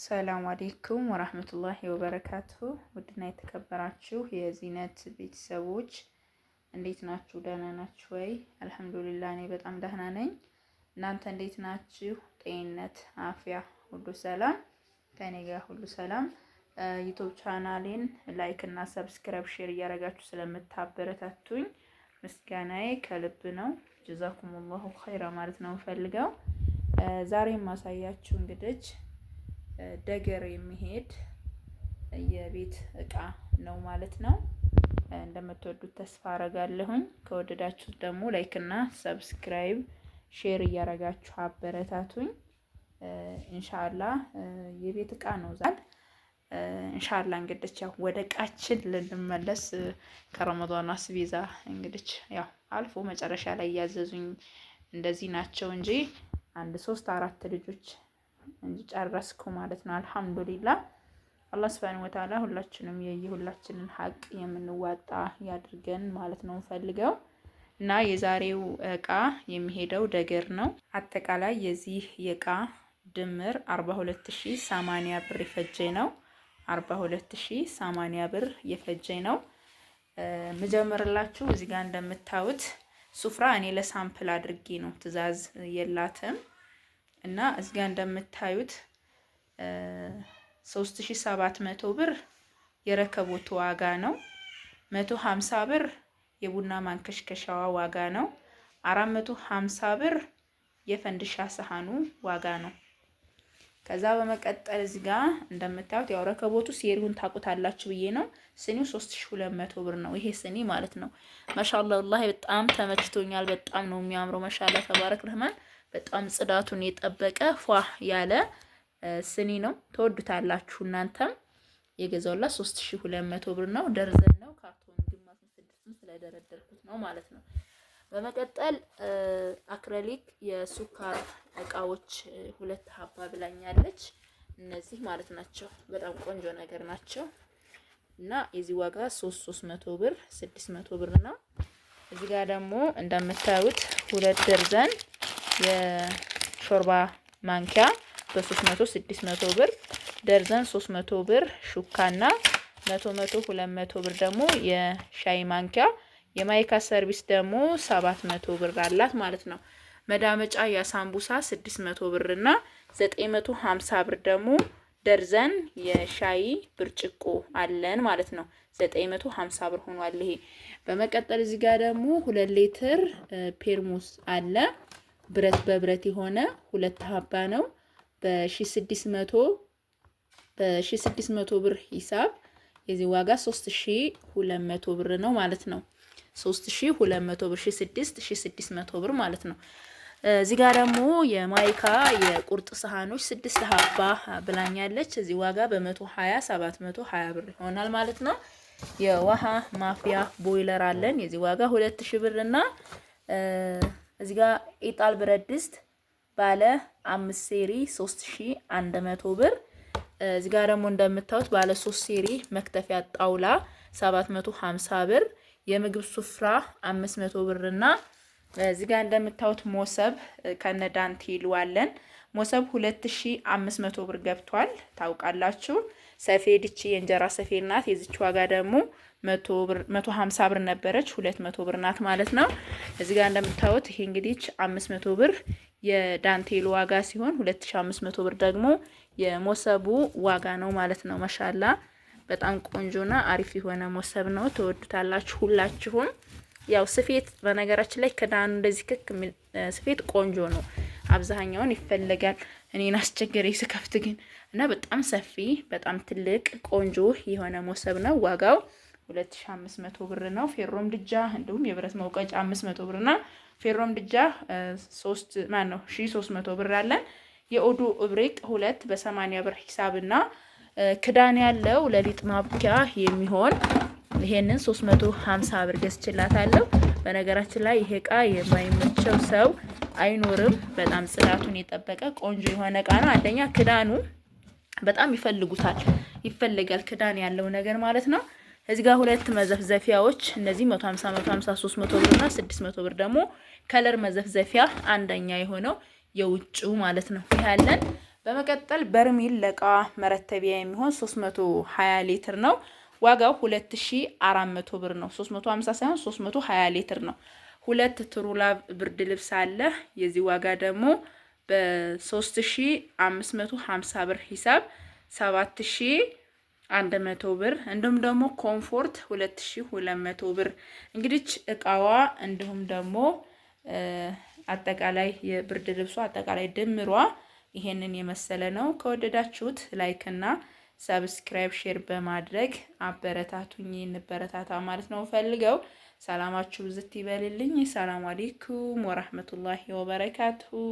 ሰላም አሌይኩም ወራህመቱላሂ ወበረካቱ። ውድና የተከበራችሁ የዚነት ቤተሰቦች እንዴት ናችሁ? ደህና ናችሁ ወይ? አልሐምዱሊላህ እኔ በጣም ደህና ነኝ። እናንተ እንዴት ናችሁ? ጤንነት፣ አፍያ ሁሉ ሰላም ከኔ ጋር ሁሉ ሰላም። ዩቱብ ቻናሌን ላይክ እና ሰብስክራይብ፣ ሼር እያደረጋችሁ ስለምታበረታቱኝ ምስጋናዬ ከልብ ነው። ጀዛኩሙላሁ ኸይራ ማለት ነው ፈልገው ዛሬ ማሳያችሁ እንግዲህ ደገር የሚሄድ የቤት እቃ ነው ማለት ነው። እንደምትወዱት ተስፋ አረጋለሁኝ። ከወደዳችሁት ደግሞ ላይክ እና ሰብስክራይብ ሼር እያረጋችሁ አበረታቱኝ። እንሻላ የቤት እቃ ነው ዛል እንሻላ እንግዲህ ያው ወደ እቃችን ልንመለስ ከረመዳን አስቤዛ እንግዲህ ያው አልፎ መጨረሻ ላይ እያዘዙኝ እንደዚህ ናቸው እንጂ አንድ ሶስት አራት ልጆች ጨረስኩ ማለት ነው። አልሐምዱሊላ አላህ ስብሃነ ወተዓላ ሁላችንም የየሁላችንን ሀቅ የምንዋጣ ያድርገን ማለት ነው ፈልገው። እና የዛሬው እቃ የሚሄደው ደገር ነው። አጠቃላይ የዚህ የእቃ ድምር 42080 ብር የፈጀ ነው። 42080 ብር የፈጀ ነው። መጀመርላችሁ እዚህ ጋር እንደምታዩት ሱፍራ እኔ ለሳምፕል አድርጌ ነው፣ ትዕዛዝ የላትም እና እዚጋ እንደምታዩት 3700 ብር የረከቦቱ ዋጋ ነው። 150 ብር የቡና ማንከሽከሻዋ ዋጋ ነው። 450 ብር የፈንድሻ ሰሃኑ ዋጋ ነው። ከዛ በመቀጠል እዚህ ጋር እንደምታዩት ያው ረከቦቱ ሴሪውን ታቁታላችሁ ብዬ ነው። ስኒው 3200 ብር ነው ይሄ ስኒ ማለት ነው። ማሻአላህ ወላሂ በጣም ተመችቶኛል። በጣም ነው የሚያምረው። ማሻአላህ ተባረክ ረህማን በጣም ጽዳቱን የጠበቀ ፏ ያለ ስኒ ነው። ተወዱታላችሁ እናንተም የገዛውላ 3200 ብር ነው። ደርዘን ነው ካርቶን ግማሽ ስድስትም ስለደረደርኩት ነው ማለት ነው። በመቀጠል አክሪሊክ የሱካር እቃዎች ሁለት ሀባ ብላኛለች። እነዚህ ማለት ናቸው። በጣም ቆንጆ ነገር ናቸው እና የዚህ ዋጋ 3300 ብር 600 ብር ነው። እዚህ ጋር ደግሞ እንደምታዩት ሁለት ደርዘን የሾርባ ማንኪያ በ300 600 ብር ደርዘን 300 ብር ሹካና 100 100 200 ብር ደግሞ የሻይ ማንኪያ የማይካ ሰርቪስ ደግሞ 700 ብር አላት ማለት ነው። መዳመጫ የሳምቡሳ 600 ብር እና 950 ብር ደግሞ ደርዘን የሻይ ብርጭቆ አለን ማለት ነው። 950 ብር ሆኗል ይሄ። በመቀጠል እዚህ ጋር ደግሞ ሁለት ሌትር ፔርሙስ አለ ብረት በብረት የሆነ ሁለት ሀባ ነው። በ1600 በ1600 ብር ሂሳብ የዚህ ዋጋ 3200 ብር ነው ማለት ነው። 3200 ብር 6 1600 ብር ማለት ነው። እዚህ ጋር ደግሞ የማይካ የቁርጥ ሰሃኖች 6 ሀባ ብላኛለች። እዚህ ዋጋ በ120 720 ብር ይሆናል ማለት ነው። የውሃ ማፍያ ቦይለር አለን። የዚህ ዋጋ 2000 ብር እና እዚህ ጋር ኢጣል ብረት ድስት ባለ አምስት ሴሪ መቶ ብር። እዚህ ጋር ደግሞ እንደምታዩት ባለ ሶስት ሴሪ መክተፊያ ጣውላ ሀምሳ ብር፣ የምግብ ሱፍራ መቶ ብር እና እዚህ ጋር እንደምታዩት ሞሰብ ከነ አለን ሞሰብ 2500 ብር ገብቷል። ታውቃላችሁ ሰፌድ እቺ የእንጀራ ሰፌድ ናት። የዚች ዋጋ ደግሞ 150 ብር ነበረች፣ 200 ብር ናት ማለት ነው። እዚህ ጋር እንደምታዩት ይሄ እንግዲህ 500 ብር የዳንቴሉ ዋጋ ሲሆን 2500 ብር ደግሞ የሞሰቡ ዋጋ ነው ማለት ነው። ማሻላ በጣም ቆንጆና አሪፍ የሆነ ሞሰብ ነው። ተወዱታላችሁ ሁላችሁም። ያው ስፌት በነገራችን ላይ ክዳኑ እንደዚህ ክክ ስፌት ቆንጆ ነው። አብዛኛውን ይፈለጋል። እኔን አስቸገሬ ስከፍት ግን እና በጣም ሰፊ በጣም ትልቅ ቆንጆ የሆነ ሞሰብ ነው። ዋጋው 2500 ብር ነው። ፌሮም ድጃ እንዲሁም የብረት መውቀጫ 500 ብር ነው። ፌሮም ድጃ 3 ማን ነው 1300 ብር አለን። የኦዱ እብሪቅ ሁለት በ80 ብር ሂሳብና ክዳን ያለው ለሊጥ ማብኪያ የሚሆን ይሄንን 350 ብር ገዝችላታለሁ። በነገራችን ላይ ይሄ እቃ የማይመቸው ሰው አይኖርም። በጣም ጽዳቱን የጠበቀ ቆንጆ የሆነ እቃ ነው። አንደኛ ክዳኑ በጣም ይፈልጉታል፣ ይፈልጋል ክዳን ያለው ነገር ማለት ነው። እዚህ ጋር ሁለት መዘፍዘፊያዎች እነዚህ 150 150 300 ብር እና 600 ብር ደግሞ ከለር መዘፍዘፊያ አንደኛ የሆነው የውጭው ማለት ነው ያለን። በመቀጠል በርሚል ለእቃ መረተቢያ የሚሆን 320 ሊትር ነው። ዋጋው 2400 ብር ነው። 350 ሳይሆን 320 ሊትር ነው። ሁለት ትሩላብ ብርድ ልብስ አለ። የዚህ ዋጋ ደግሞ በ3550 ብር ሂሳብ 7100 ብር እንዲሁም ደግሞ ኮምፎርት 2200 ብር። እንግዲህ እቃዋ እንዲሁም ደግሞ አጠቃላይ የብርድ ልብሷ አጠቃላይ ድምሯ ይሄንን የመሰለ ነው። ከወደዳችሁት ላይክ እና ሰብስክራይብ፣ ሼር በማድረግ አበረታቱኝ። እንበረታታ ማለት ነው ፈልገው። ሰላማችሁ ብዝት ይበልልኝ። ሰላም አሌይኩም ወራህመቱላሂ ወበረካቱሁ